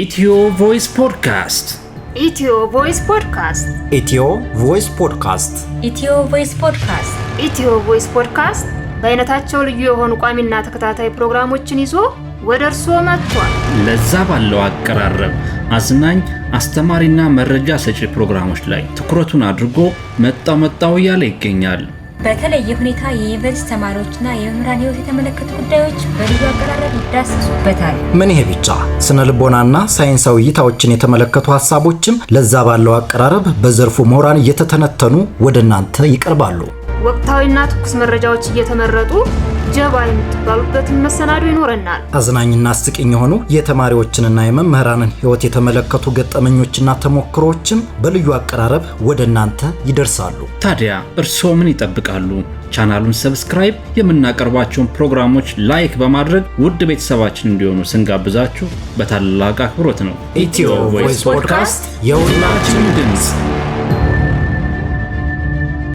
ኢትዮ ቮይስ ፖድካስት ኢትዮ ቮይስ ፖድካስት ኢትዮ ቮይስ ፖድካስት ኢትዮ ቮይስ ፖድካስት ኢትዮ ቮይስ ፖድካስት በአይነታቸው ልዩ የሆኑ ቋሚና ተከታታይ ፕሮግራሞችን ይዞ ወደ እርስዎ መጥቷል። ለዛ ባለው አቀራረብ አዝናኝ፣ አስተማሪና መረጃ ሰጪ ፕሮግራሞች ላይ ትኩረቱን አድርጎ መጣው መጣው እያለ ይገኛል። በተለየ ሁኔታ የዩኒቨርሲቲ ተማሪዎችና የመምህራን ህይወት የተመለከቱ ጉዳዮች በልዩ አቀራረብ ይዳሰሱበታል። ምን ይሄ ብቻ ስነ ልቦናና ሳይንሳዊ እይታዎችን የተመለከቱ ሀሳቦችም ለዛ ባለው አቀራረብ በዘርፉ ምሁራን እየተተነተኑ ወደ እናንተ ይቀርባሉ። ወቅታዊና ትኩስ መረጃዎች እየተመረጡ ጀባ የምትባሉበትን መሰናዶ ይኖረናል። አዝናኝና አስቂኝ የሆኑ የተማሪዎችንና የመምህራንን ሕይወት የተመለከቱ ገጠመኞችና ተሞክሮዎችም በልዩ አቀራረብ ወደ እናንተ ይደርሳሉ። ታዲያ እርስዎ ምን ይጠብቃሉ? ቻናሉን ሰብስክራይብ፣ የምናቀርባቸውን ፕሮግራሞች ላይክ በማድረግ ውድ ቤተሰባችን እንዲሆኑ ስንጋብዛችሁ በታላቅ አክብሮት ነው። ኢትዮ ቮይስ ፖድካስት የሁላችን ድምፅ